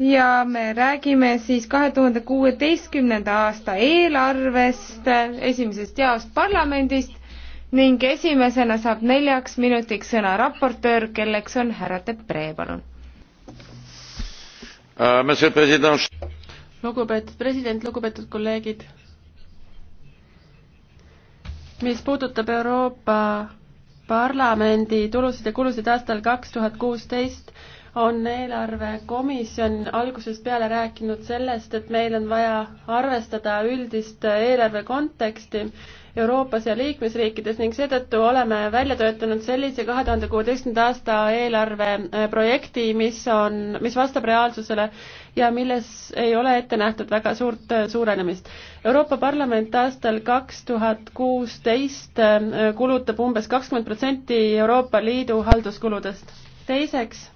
ja me räägime siis kahe tuhande kuueteistkümnenda aasta eelarvest, esimesest jaost parlamendist ning esimesena saab neljaks minutiks sõna raportöör, kelleks on härra Depree, palun uh,. lugupeetud president, lugupeetud kolleegid. mis puudutab Euroopa Parlamendi tulusid ja kulusid aastal kaks tuhat kuusteist, on eelarvekomisjon algusest peale rääkinud sellest, et meil on vaja arvestada üldist eelarve konteksti Euroopas ja liikmesriikides ning seetõttu oleme välja töötanud sellise kahe tuhande kuueteistkümnenda aasta eelarve äh, projekti, mis on, mis vastab reaalsusele ja milles ei ole ette nähtud väga suurt äh, suurenemist. Euroopa Parlament aastal kaks tuhat kuusteist äh, kulutab umbes kakskümmend protsenti Euroopa Liidu halduskuludest. teiseks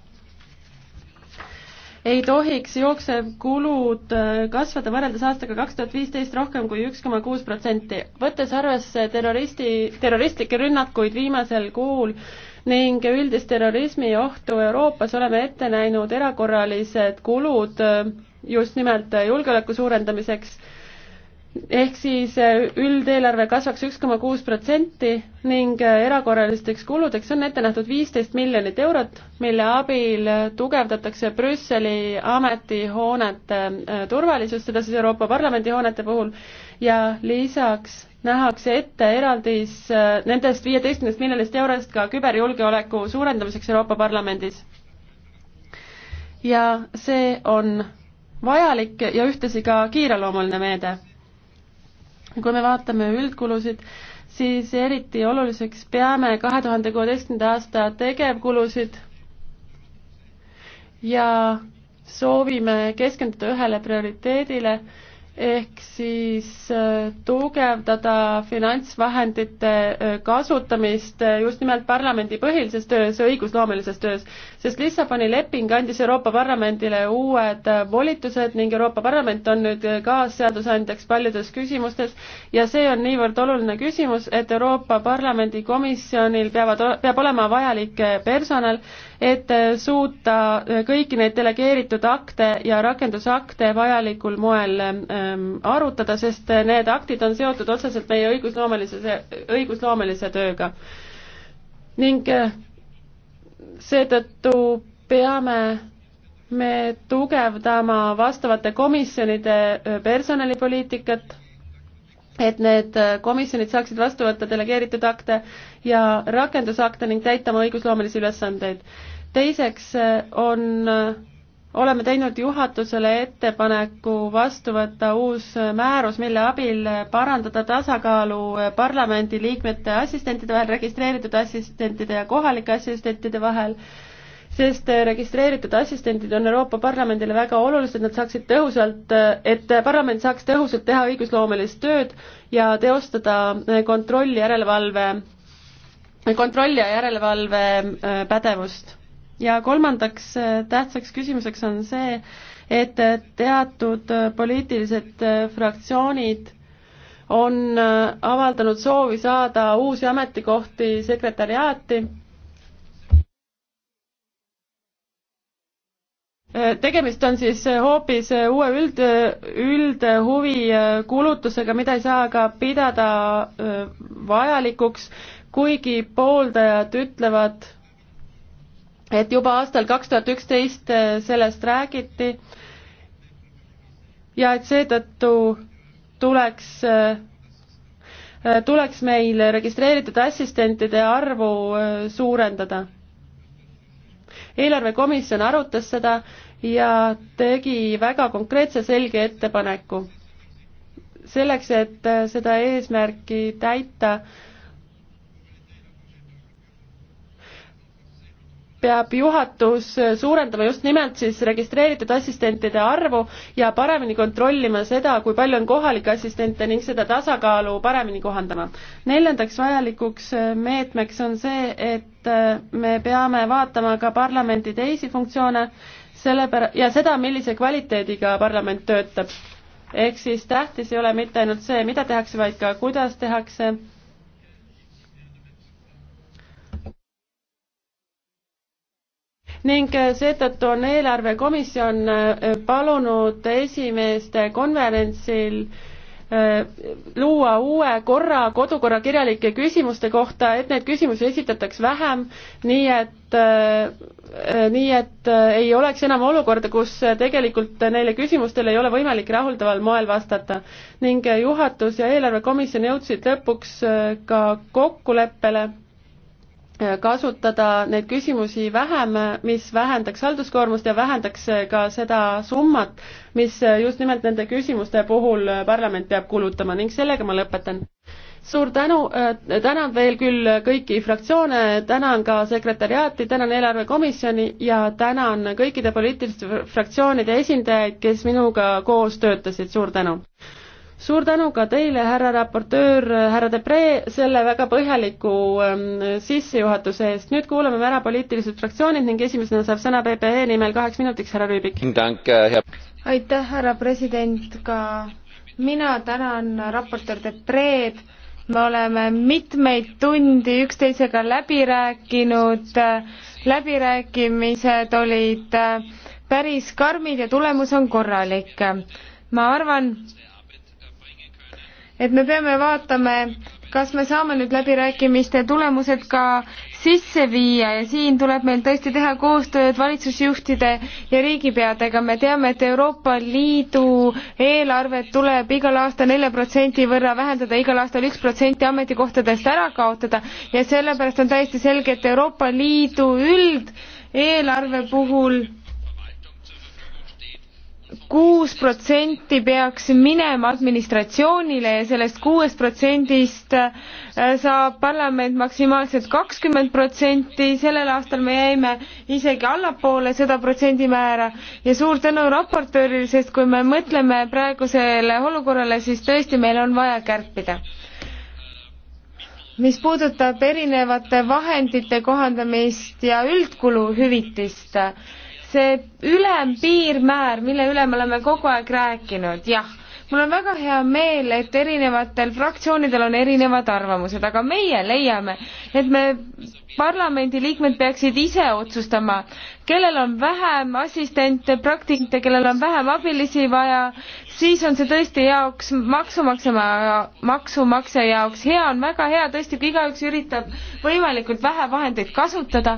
ei tohiks jooksevkulud äh, kasvada võrreldes aastaga kaks tuhat viisteist rohkem kui üks koma kuus protsenti. võttes arvesse terroristi, terroristlikke rünnakuid viimasel kuul ning üldist terrorismi ohtu Euroopas oleme ette näinud erakorralised kulud äh, just nimelt julgeoleku suurendamiseks ehk siis äh, üldeelarve kasvaks üks koma kuus protsenti ning äh, erakorralisteks kuludeks on ette nähtud viisteist miljonit eurot, mille abil äh, tugevdatakse Brüsseli ametihoonete turvalisust, seda siis Euroopa Parlamendi hoonete puhul, ja lisaks nähakse ette eraldis nendest viieteistkümnest miljonist eurost ka küberjulgeoleku suurendamiseks Euroopa Parlamendis. ja see on vajalik ja ühtlasi ka kiireloomuline meede kui me vaatame üldkulusid, siis eriti oluliseks peame kahe tuhande kuueteistkümnenda aasta tegevkulusid ja soovime keskenduda ühele prioriteedile, ehk siis äh, tugevdada finantsvahendite äh, kasutamist äh, just nimelt parlamendi põhilises töös, õigusloomelises töös sest Lissaboni leping andis Euroopa Parlamendile uued äh, volitused ning Euroopa Parlament on nüüd äh, kaasseadusandjaks paljudes küsimustes ja see on niivõrd oluline küsimus, et Euroopa Parlamendi komisjonil peavad, peab olema vajalik äh, personal, et suuta kõiki neid delegeeritud akte ja rakendusakte vajalikul moel ähm, ähm arutada, sest need aktid on seotud otseselt meie õigusloomelise, õigusloomelise tööga. ning seetõttu peame me tugevdama vastavate komisjonide personalipoliitikat, et need komisjonid saaksid vastu võtta delegeeritud akte ja rakendusakte ning täita oma õigusloomelisi ülesandeid. teiseks on oleme teinud juhatusele ettepaneku vastu võtta uus määrus, mille abil parandada tasakaalu parlamendiliikmete assistentide vahel, registreeritud assistentide ja kohalike assistentide vahel, sest registreeritud assistendid on Euroopa Parlamendile väga olulised, nad saaksid tõhusalt, et parlament saaks tõhusalt teha õigusloomelist tööd ja teostada kontrolli järelevalve, kontrolli ja järelevalve äh, pädevust ja kolmandaks äh, tähtsaks küsimuseks on see, et teatud äh, poliitilised äh, fraktsioonid on avaldanud soovi saada uusi ametikohti sekretäriaati. tegemist on siis hoopis uue üld, üldhuvi kulutusega, mida ei saa ka pidada vajalikuks, kuigi pooldajad ütlevad, et juba aastal kaks tuhat üksteist äh, sellest räägiti ja et seetõttu tuleks, äh, äh, tuleks meil registreeritud assistentide arvu suurendada. eelarvekomisjon arutas seda ja tegi väga konkreetse selge ettepaneku. selleks, et seda eesmärki täita, peab juhatus suurendama just nimelt siis registreeritud assistentide arvu ja paremini kontrollima seda, kui palju on kohalikke assistente ning seda tasakaalu paremini kohandama. neljandaks vajalikuks meetmeks on see, et me peame vaatama ka parlamendi teisi funktsioone, selle pär-, ja seda, millise kvaliteediga parlament töötab. ehk siis tähtis ei ole mitte ainult see, mida tehakse, vaid ka kuidas tehakse ning seetõttu on eelarvekomisjon äh, palunud esimeeste konverentsil äh, luua uue korra kodukorra kirjalike küsimuste kohta, et neid küsimusi esitataks vähem, nii et, äh, nii et ei oleks enam olukorda, kus tegelikult neile küsimustele ei ole võimalik rahuldaval moel vastata. ning juhatus ja eelarvekomisjon jõudsid lõpuks ka kokkuleppele Äh, kasutada neid küsimusi vähem, mis vähendaks halduskoormust ja vähendaks äh, ka seda summat, mis äh, just nimelt nende küsimuste puhul parlament peab kulutama ning sellega ma lõpetan. suur tänu, tänan veel küll kõiki fraktsioone, tänan ka sekretäriaati, tänan eelarvekomisjoni ja tänan kõikide poliitiliste fraktsioonide esindajaid, kes minuga koos töötasid, suur tänu! suur tänu ka teile, härra raportöör, äh, härra Debre, selle väga põhjaliku ähm, sissejuhatuse eest. nüüd kuulame ära poliitilised fraktsioonid ning esimesena saab sõna PPE nimel kaheks minutiks härra Rüübik. Äh, aitäh, härra president, ka mina tänan raportöör Debreed. me oleme mitmeid tundi üksteisega läbi rääkinud, läbirääkimised olid äh, päris karmid ja tulemus on korralik. ma arvan, et me peame vaatama, kas me saame nüüd läbirääkimiste tulemused ka sisse viia ja siin tuleb meil tõesti teha koostööd valitsusjuhtide ja riigipeadega. me teame, et Euroopa Liidu eelarvet tuleb igal aastal nelja protsendi võrra vähendada, igal aastal üks protsenti ametikohtadest ära kaotada ja sellepärast on täiesti selge, et Euroopa Liidu üldeelarve puhul kuus protsenti peaks minema administratsioonile ja sellest kuuest protsendist äh, saab parlament maksimaalselt kakskümmend protsenti, sellel aastal me jäime isegi allapoole seda protsendimäära ja suur tänu raportöörile, sest kui me mõtleme praegusele olukorrale, siis tõesti meil on vaja kärpida mis puudutab erinevate vahendite kohandamist ja üldkuluhüvitist, see ülempiirmäär, mille üle me oleme kogu aeg rääkinud, jah mul on väga hea meel, et erinevatel fraktsioonidel on erinevad arvamused, aga meie leiame, et me parlamendiliikmed peaksid ise otsustama, kellel on vähem assistente, praktikante, kellel on vähem abilisi vaja, siis on see tõesti jaoks maksumaksja, maksumaksja jaoks hea, on väga hea tõesti, kui igaüks üritab võimalikult vähe vahendeid kasutada,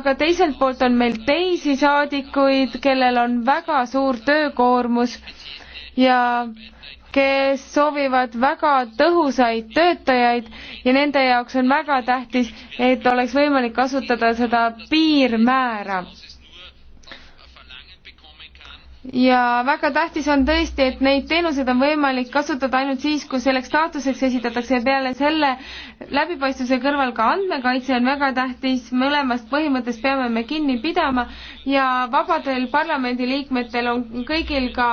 aga teiselt poolt on meil teisi saadikuid, kellel on väga suur töökoormus ja kes soovivad väga tõhusaid töötajaid ja nende jaoks on väga tähtis, et oleks võimalik kasutada seda piirmäära ja väga tähtis on tõesti, et neid teenuseid on võimalik kasutada ainult siis, kui selleks taotluseks esitatakse ja peale selle läbipaistvuse kõrval ka andmekaitse on väga tähtis, mõlemast põhimõttest peame me kinni pidama ja vabadel parlamendiliikmetel on kõigil ka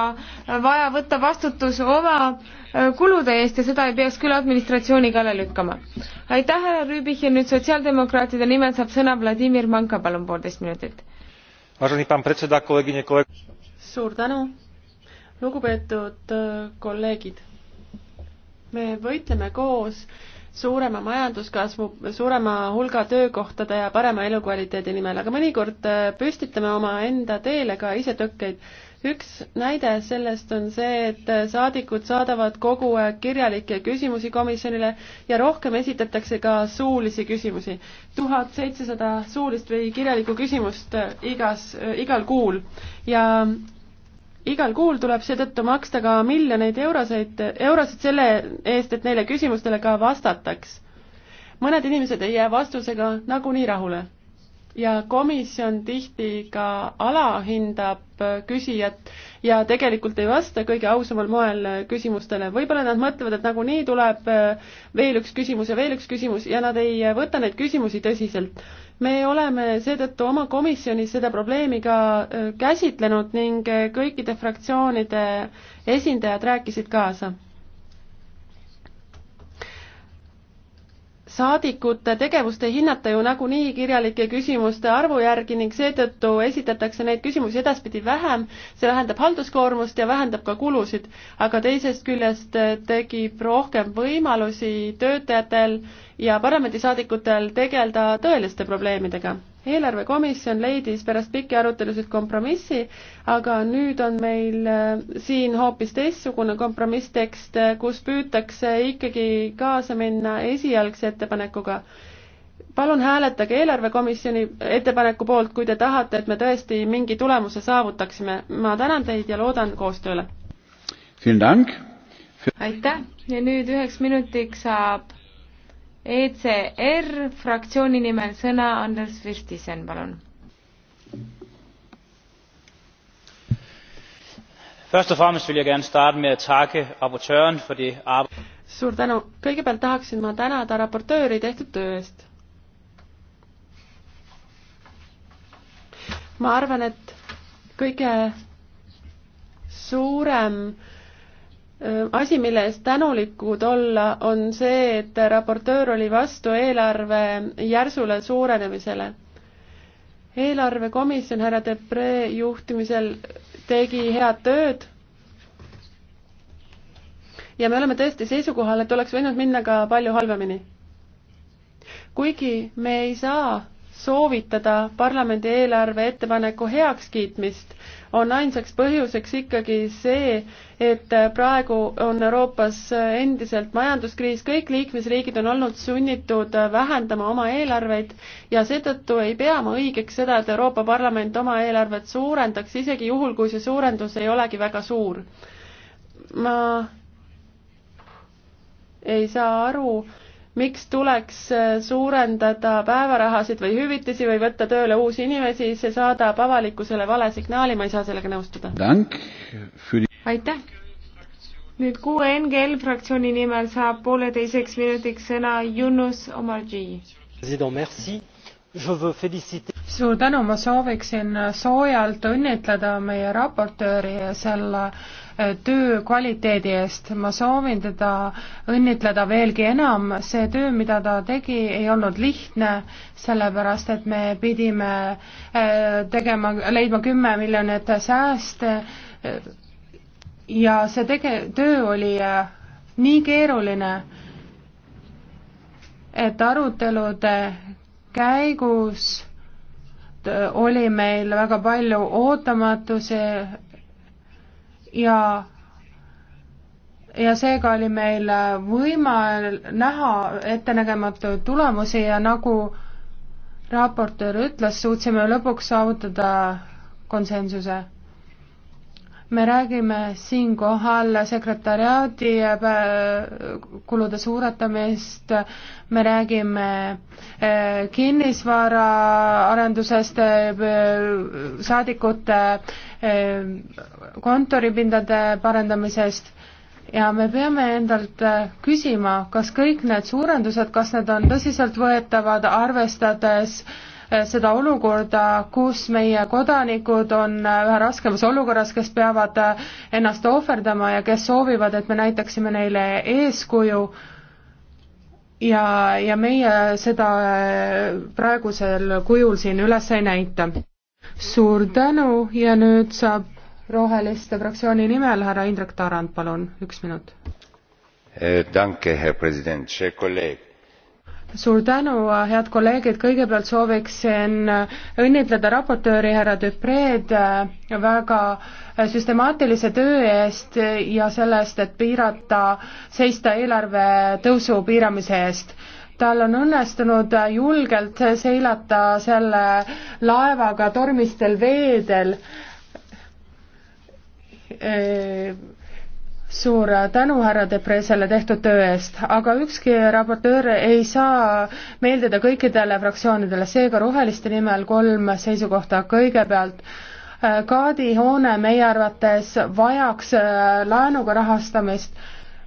vaja võtta vastutus oma äh, kulude eest ja seda ei peaks küll administratsiooni kallale lükkama. aitäh, härra Rüübich ja nüüd sotsiaaldemokraatide nimel saab sõna Vladimir Manka, palun poolteist minutit. Vážený pán predseda, kolegyne, kolegovia suur tänu, lugupeetud äh, kolleegid. me võitleme koos suurema majanduskasvu, suurema hulga töökohtade ja parema elukvaliteedi nimel, aga mõnikord äh, püstitame omaenda teele ka ise tõkkeid üks näide sellest on see, et saadikud saadavad kogu aeg kirjalikke küsimusi komisjonile ja rohkem esitatakse ka suulisi küsimusi. tuhat seitsesada suulist või kirjalikku küsimust äh, igas, äh, igal kuul ja igal kuul tuleb seetõttu maksta ka miljoneid euroseid, eurosid selle eest, et neile küsimustele ka vastataks. mõned inimesed ei jää vastusega nagunii rahule ja komisjon tihti ka alahindab küsijat ja tegelikult ei vasta kõige ausamal moel küsimustele. võib-olla nad mõtlevad, et nagunii tuleb eh, veel üks küsimus ja veel üks küsimus ja nad ei eh, võta neid küsimusi tõsiselt. me oleme seetõttu oma komisjonis seda probleemi ka eh, käsitlenud ning kõikide fraktsioonide esindajad rääkisid kaasa saadikute tegevust ei hinnata ju nagunii kirjalike küsimuste arvu järgi ning seetõttu esitatakse neid küsimusi edaspidi vähem, see vähendab halduskoormust ja vähendab ka kulusid. aga teisest küljest eh, tekib rohkem võimalusi töötajatel ja parlamendisaadikutel tegeleda tõeliste probleemidega eelarvekomisjon leidis pärast pikki arutelusid kompromissi, aga nüüd on meil äh, siin hoopis teistsugune kompromisstekst, äh, kus püütakse ikkagi kaasa minna esialgse ettepanekuga. palun hääletage eelarvekomisjoni ettepaneku poolt, kui te tahate, et me tõesti mingi tulemuse saavutaksime. ma tänan teid ja loodan koostööle. aitäh ja nüüd üheks minutiks saab ECR fraktsiooni nimel sõna Anders Virtisen, palun. suur tänu, kõigepealt tahaksin ma tänada raportööri tehtud töö eest. ma arvan, et kõige suurem äh, Äh, asi, mille eest tänulikud olla, on see, et raportöör oli vastu eelarve järsule suurenemisele. eelarvekomisjon härra Debre juhtimisel tegi head tööd ja me oleme tõesti seisukohal, et oleks võinud minna ka palju halvemini. kuigi me ei saa soovitada parlamendi eelarve ettepaneku heakskiitmist, on ainsaks põhjuseks ikkagi see, et praegu on Euroopas endiselt majanduskriis, kõik liikmesriigid on olnud sunnitud vähendama oma eelarveid ja seetõttu ei pea ma õigeks seda, et Euroopa Parlament oma eelarvet suurendaks, isegi juhul, kui see suurendus ei olegi väga suur. ma ei saa aru, miks tuleks äh, suurendada päevarahasid või hüvitisi või võtta tööle uusi inimesi, see saadab avalikkusele vale signaali, ma ei saa sellega nõustuda. aitäh! nüüd kuue NGL fraktsiooni nimel saab pooleteiseks minutiks sõna Yunus Omarji. suur tänu, ma sooviksin soojalt õnnitleda meie raportööri selle töö kvaliteedi eest. ma soovin teda õnnitleda veelgi enam, see töö, mida ta tegi, ei olnud lihtne, sellepärast et me pidime äh, tegema, leidma kümme miljonit sääste ja see tege-, töö oli äh, nii keeruline, et arutelude käigus äh, oli meil väga palju ootamatusi ja ja seega oli meil võima- näha ettenägematuid tulemusi ja nagu raportöör ütles, suutsime lõpuks saavutada konsensuse me räägime siinkohal sekretäriaadi äh, kulude suuretamist, me räägime äh, kinnisvaraarendusest, äh, saadikute kontoripindade parendamisest ja me peame endalt küsima, kas kõik need suurendused, kas need on tõsiseltvõetavad, arvestades äh, Äh, seda olukorda, kus meie kodanikud on äh, üha raskemas olukorras, kes peavad äh, ennast ohverdama ja kes soovivad, et me näitaksime neile eeskuju ja, ja meie seda praegusel kujul siin üles ei näita. suur tänu ja nüüd saab Roheliste fraktsiooni nimel härra Indrek Tarand, palun, üks minut. Eh, danke, Herr President, kolleeg suur tänu, head kolleegid, kõigepealt sooviksin õnnitleda raportööri härra Dupreed äh, väga äh, süstemaatilise töö eest ja selle eest, et piirata, seista eelarve tõusu piiramise eest tal on õnnestunud äh, julgelt seilata selle laevaga tormistel veedel suur tänu härra Depre selle tehtud töö eest, aga ükski raportöör ei saa meeldida kõikidele fraktsioonidele, seega Roheliste nimel kolm seisukohta, kõigepealt äh, Kaadi hoone meie arvates vajaks äh, laenuga rahastamist,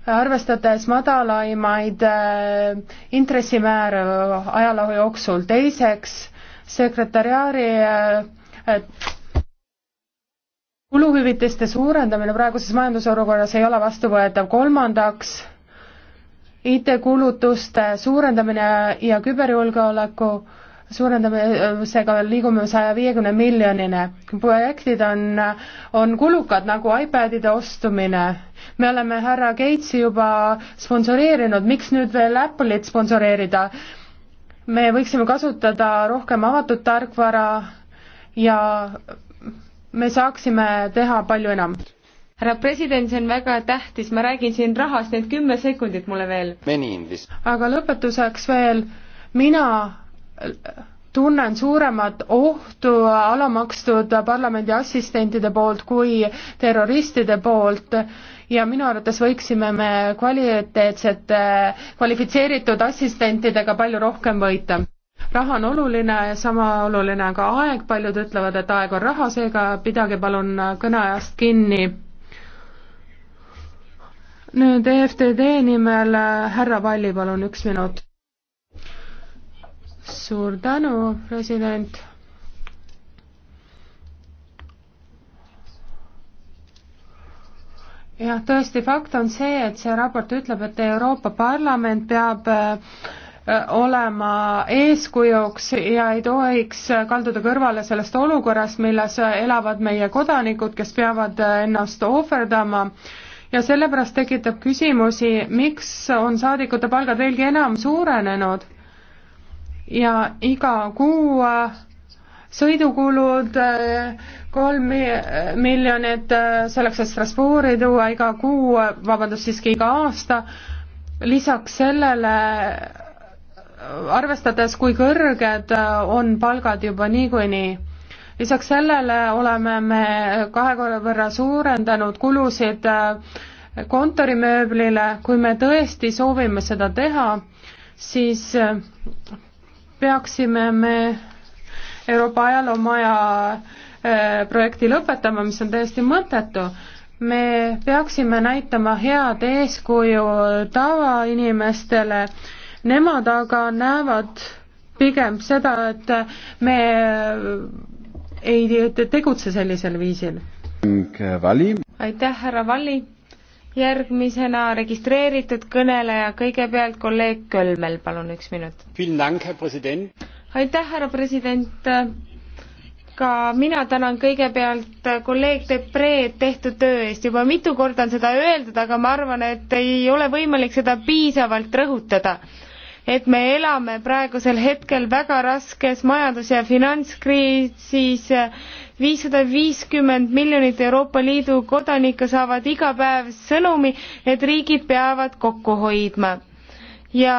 arvestades madalaimaid äh, intressimääre ajaloo jooksul, teiseks sekretäriaari kuluhüvitiste suurendamine praeguses majandusolukorras ei ole vastuvõetav, kolmandaks IT-kulutuste suurendamine ja küberjulgeoleku suurendamisega liigume saja viiekümne miljonini. projektid on, on kulukad, nagu iPadide ostumine. me oleme härra Gatesi juba sponsoreerinud, miks nüüd veel Apple'it sponsoreerida? me võiksime kasutada rohkem avatud tarkvara ja me saaksime teha palju enam. härra president, see on väga tähtis, ma räägin siin rahast, nii et kümme sekundit mulle veel. aga lõpetuseks veel, mina tunnen suuremat ohtu alamakstud parlamendi assistentide poolt kui terroristide poolt ja minu arvates võiksime me kvaliteetsete, kvalifitseeritud assistentidega palju rohkem võita raha on oluline, sama oluline on ka aeg, paljud ütlevad, et aeg on raha, seega pidage palun kõneajast kinni. nüüd EFTD nimel äh, härra Valli, palun üks minut. suur tänu, president jah, tõesti, fakt on see, et see raport ütleb, et Euroopa Parlament peab äh, olema eeskujuks ja ei tohiks kalduda kõrvale sellest olukorrast, milles elavad meie kodanikud, kes peavad ennast ohverdama ja sellepärast tekitab küsimusi, miks on saadikute palgad veelgi enam suurenenud ja iga kuu sõidukulud kolm miljonit selleks, et Strasbourgi tuua iga kuu, vabandust, siiski iga aasta, lisaks sellele arvestades, kui kõrged äh, on palgad juba niikuinii. lisaks sellele oleme me kahe korra võrra suurendanud kulusid äh, kontorimööblile, kui me tõesti soovime seda teha, siis äh, peaksime me Euroopa ajaloomaja projekti lõpetama, mis on täiesti mõttetu me peaksime näitama head eeskuju tavainimestele nemad aga näevad pigem seda, et me ei tegutse sellisel viisil. aitäh, härra Valli! järgmisena registreeritud kõneleja, kõigepealt kolleeg Kölmel, palun üks minut. aitäh, härra president! ka mina tänan kõigepealt kolleeg Depreed tehtud töö eest, juba mitu korda on seda öeldud, aga ma arvan, et ei ole võimalik seda piisavalt rõhutada et me elame praegusel hetkel väga raskes majandus ja finantskriisis viissada viiskümmend miljonit euroopa liidu kodanikku saavad iga päev sõnumi et riigid peavad kokku hoidma ja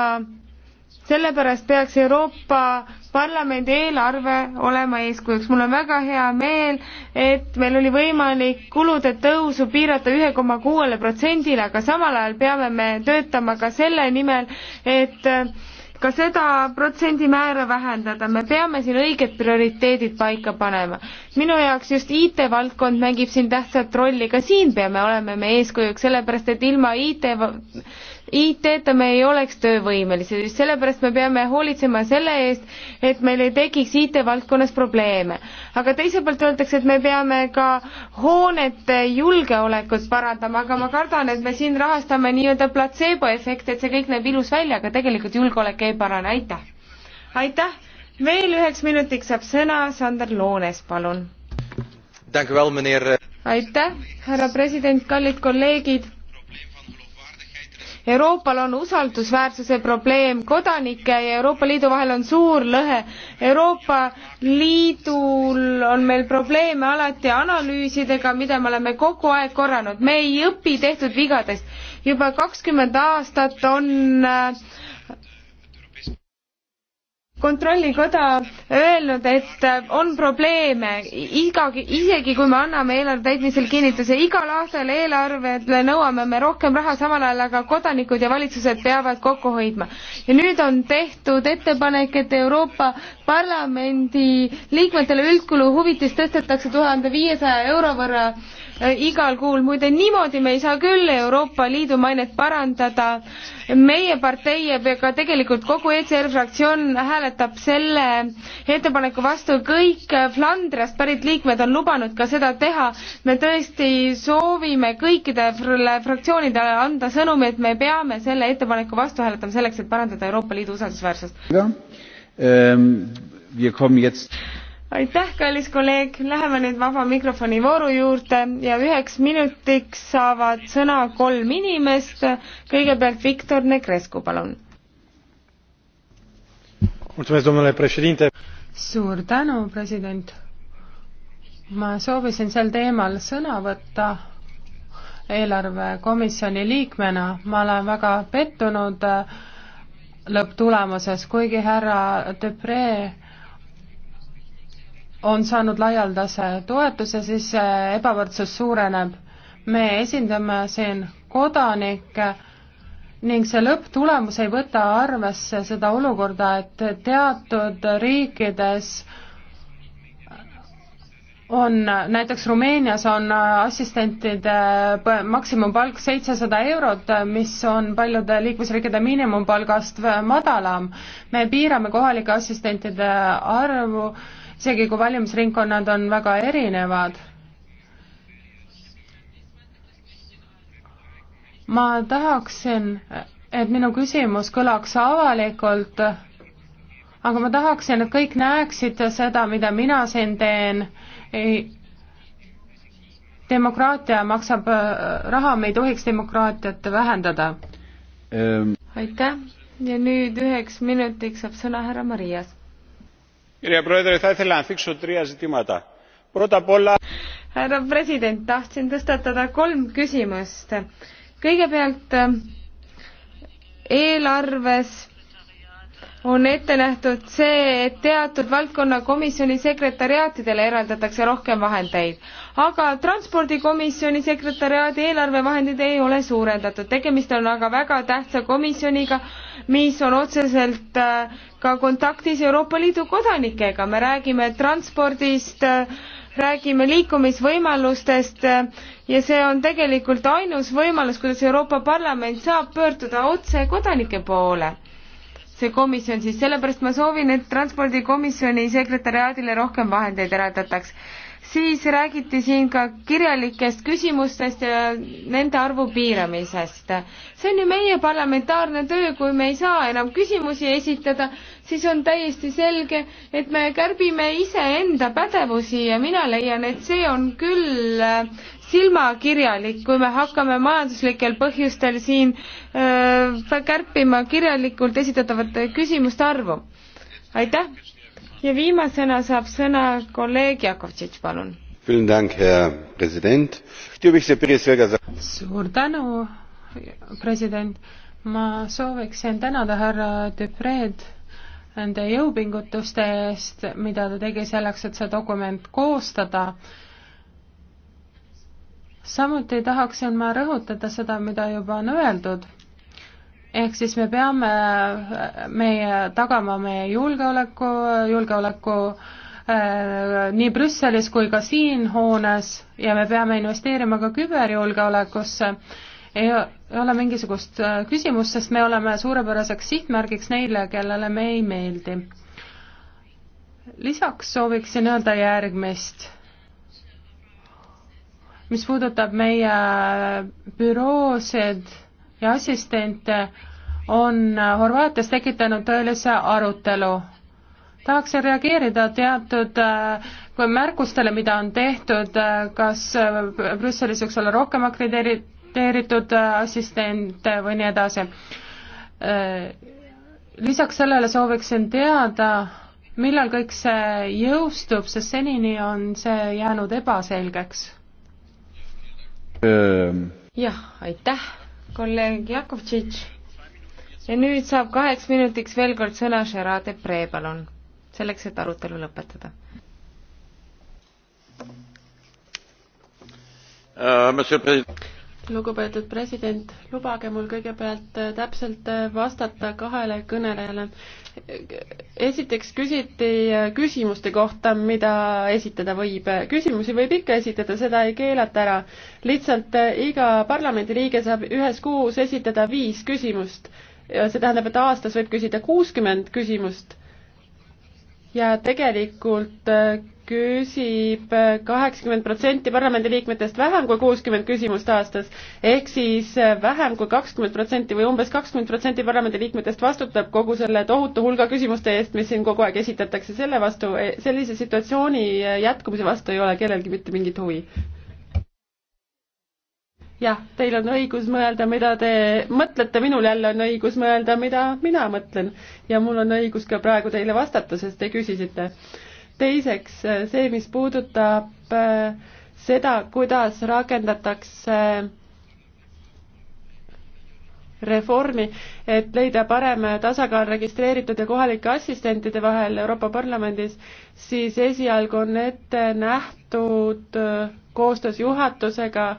sellepärast peaks Euroopa Parlamendi eelarve olema eeskujuks. mul on väga hea meel, et meil oli võimalik kulude tõusu piirata ühe koma kuuele protsendile, aga samal ajal peame me töötama ka selle nimel, et äh, ka seda protsendimäära vähendada, me peame siin õiged prioriteedid paika panema. minu jaoks just IT-valdkond mängib siin tähtsat rolli, ka siin peame olema me eeskujuks, sellepärast et ilma IT IT-ta me ei oleks töövõimelised, just sellepärast me peame hoolitsema selle eest, et meil ei tekiks IT-valdkonnas probleeme. aga teiselt poolt öeldakse, et me peame ka hoonete julgeolekut parandama, aga ma kardan, et me siin rahastame nii-öelda platseeboefekti, et see kõik näeb ilus välja, aga tegelikult julgeolek ei parane, aitäh! aitäh! veel üheks minutiks saab sõna Sander Loones, palun! Eh. aitäh, härra president, kallid kolleegid! Euroopal on usaldusväärsuse probleem, kodanike ja Euroopa Liidu vahel on suur lõhe. Euroopa Liidul on meil probleeme alati analüüsidega, mida me oleme kogu aeg korranud, me ei õpi tehtud vigadest. juba kakskümmend aastat on äh, kontrollikoda öelnud, et äh, on probleeme, iga, isegi kui me anname eelarve täitmisel kinnituse, igal aastal eelarvele nõuame me rohkem raha, samal ajal aga kodanikud ja valitsused peavad kokku hoidma. ja nüüd on tehtud ettepanek, et Euroopa Parlamendi liikmetele üldkulu huvitis tõstetakse tuhande viiesaja euro võrra Äh, igal kuul. muide, niimoodi me ei saa küll Euroopa Liidu mainet parandada. meie partei ja ka tegelikult kogu ECR fraktsioon hääletab selle ettepaneku vastu. kõik Flandriast pärit liikmed on lubanud ka seda teha. me tõesti soovime kõikidele fraktsioonidele anda sõnumi, et me peame selle ettepaneku vastu hääletama selleks, et parandada Euroopa Liidu usaldusväärsust. Ähm, aitäh, kallis kolleeg, läheme nüüd vaba mikrofoni vooru juurde ja üheks minutiks saavad sõna kolm inimest. kõigepealt Viktor Negrescu, palun. suur tänu, president. ma soovisin sel teemal sõna võtta eelarvekomisjoni liikmena, ma olen väga pettunud äh, lõpptulemuses, kuigi härra Depree on saanud laialdase toetuse, siis ebavõrdsus suureneb. me esindame siin kodanikke ning see lõpptulemus ei võta arvesse seda olukorda, et teatud riikides on, näiteks Rumeenias on assistentide maksimumpalk seitsesada eurot, mis on paljude liikmesriikide miinimumpalgast madalam. me piirame kohalike assistentide arvu isegi kui valimisringkonnad on väga erinevad. ma tahaksin, et minu küsimus kõlaks avalikult, aga ma tahaksin, et kõik näeksid seda, mida mina siin teen. demokraatia maksab raha, me ei tohiks demokraatiat vähendada ähm.. aitäh ja nüüd üheks minutiks saab sõna härra Marias härra president, tahtsin tõstatada kolm küsimust. kõigepealt eelarves on ette nähtud see, et teatud valdkonnakomisjoni sekretariaatidele eraldatakse rohkem vahendeid. aga transpordikomisjoni sekretariaadi eelarvevahendid ei ole suurendatud, tegemist on aga väga tähtsa komisjoniga, mis on otseselt äh, ka kontaktis Euroopa Liidu kodanikega, me räägime transpordist, äh, räägime liikumisvõimalustest äh, ja see on tegelikult ainus võimalus, kuidas Euroopa Parlament saab pöörduda otse kodanike poole see komisjon siis, sellepärast ma soovin, et transpordikomisjoni sekretäriaadile rohkem vahendeid eraldataks. siis räägiti siin ka kirjalikest küsimustest ja nende arvu piiramisest. see on ju meie parlamentaarne töö, kui me ei saa enam küsimusi esitada, siis on täiesti selge, et me kärbime iseenda pädevusi ja mina leian, et see on küll silmakirjalik, kui me hakkame majanduslikel põhjustel siin öö, äh, kärpima kirjalikult esitatavate küsimuste arvu. aitäh ja viimasena saab sõna kolleeg Jakovtšitš, palun. suur tänu, president. ma sooviksin tänada härra Dupreed nende jõupingutuste eest, mida ta tegi selleks, et see dokument koostada samuti tahaksin ma rõhutada seda, mida juba on öeldud, ehk siis me peame meie, tagama meie julgeoleku, julgeoleku eh, nii Brüsselis kui ka siin hoones ja me peame investeerima ka küberjulgeolekusse. ei ole mingisugust äh, küsimust, sest me oleme suurepäraseks sihtmärgiks neile, kellele me ei meeldi. lisaks sooviksin öelda järgmist mis puudutab meie büroosid ja assistente, on Horvaatias tekitanud tõelise arutelu. tahaksin reageerida teatud äh, märkustele, mida on tehtud, äh, kas äh, Brüsselis võiks olla rohkem akrediteeritud assistente või nii edasi. lisaks sellele sooviksin teada, millal kõik see jõustub, sest senini on see jäänud ebaselgeks jah, aitäh, kolleeg Jakovtšitš. ja nüüd saab kaheks minutiks veel kord sõna Gerard Depree, palun, selleks, et arutelu lõpetada uh, lugupeetud president, lubage mul kõigepealt äh, täpselt äh, vastata kahele kõnelejale. esiteks küsiti äh, küsimuste kohta, mida esitada võib. küsimusi võib ikka esitada, seda ei keelata ära. lihtsalt iga parlamendiliige saab ühes kuus esitada viis küsimust. see tähendab, et aastas võib küsida kuuskümmend küsimust. ja tegelikult küsib kaheksakümmend protsenti parlamendiliikmetest vähem kui kuuskümmend küsimust aastas, ehk siis vähem kui kakskümmend protsenti või umbes kakskümmend protsenti parlamendiliikmetest vastutab kogu selle tohutu hulga küsimuste eest, mis siin kogu aeg esitatakse, selle vastu, sellise situatsiooni jätkumise vastu ei ole kellelgi mitte mingit huvi. jah, teil on õigus mõelda, mida te mõtlete, minul jälle on õigus mõelda, mida mina mõtlen. ja mul on õigus ka praegu teile vastata, sest te küsisite teiseks, äh, see, mis puudutab äh, seda, kuidas rakendatakse reformi, et leida parem tasakaal registreeritud ja kohalike assistentide vahel Euroopa Parlamendis, siis esialgu on ette nähtud äh, koostöös juhatusega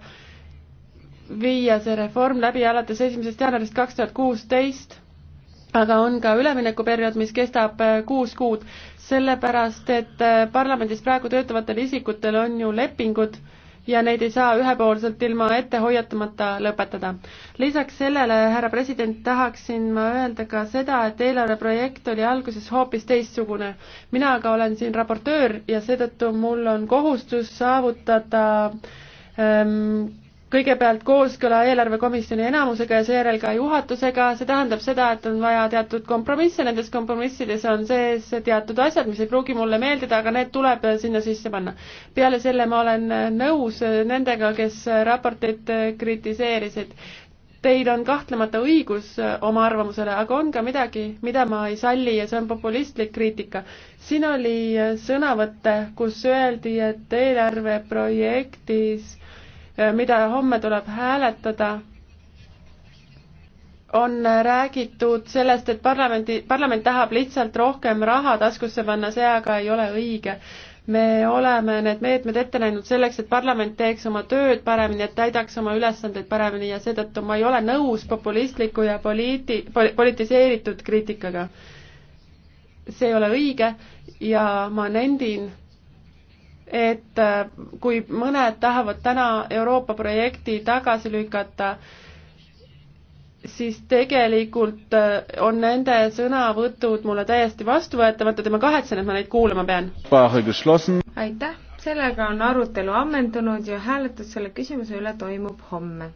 viia see reform läbi alates esimesest jaanuarist kaks tuhat kuusteist aga on ka üleminekuperiood, mis kestab äh, kuus kuud, sellepärast et äh, parlamendis praegu töötavatel isikutel on ju lepingud ja neid ei saa ühepoolselt ilma ette hoiatamata lõpetada. lisaks sellele, härra president, tahaksin ma öelda ka seda, et eelarveprojekt oli alguses hoopis teistsugune. mina aga olen siin raportöör ja seetõttu mul on kohustus saavutada ähm, kõigepealt kooskõla eelarvekomisjoni enamusega ja seejärel ka juhatusega, see tähendab seda, et on vaja teatud kompromisse, nendes kompromissides on sees teatud asjad, mis ei pruugi mulle meeldida, aga need tuleb sinna sisse panna. peale selle ma olen nõus nendega, kes raportit kritiseerisid. Teil on kahtlemata õigus oma arvamusele, aga on ka midagi, mida ma ei salli ja see on populistlik kriitika. siin oli sõnavõtte, kus öeldi, et eelarveprojektis äh, Äh, mida homme tuleb hääletada, on räägitud sellest, et parlamendi, parlament tahab lihtsalt rohkem raha taskusse panna, see aga ei ole õige me oleme need meetmed ette näinud selleks, et parlament teeks oma tööd paremini, et täidaks oma ülesandeid paremini ja seetõttu ma ei ole nõus populistliku ja poliiti-, politiseeritud kriitikaga. see ei ole õige ja ma nendin et äh, kui mõned tahavad täna Euroopa projekti tagasi lükata, siis tegelikult äh, on nende sõnavõtud mulle täiesti vastuvõetamatud ja ma kahetsen, et ma neid kuulama pean. aitäh, sellega on arutelu ammendunud ja hääletus selle küsimuse üle toimub homme.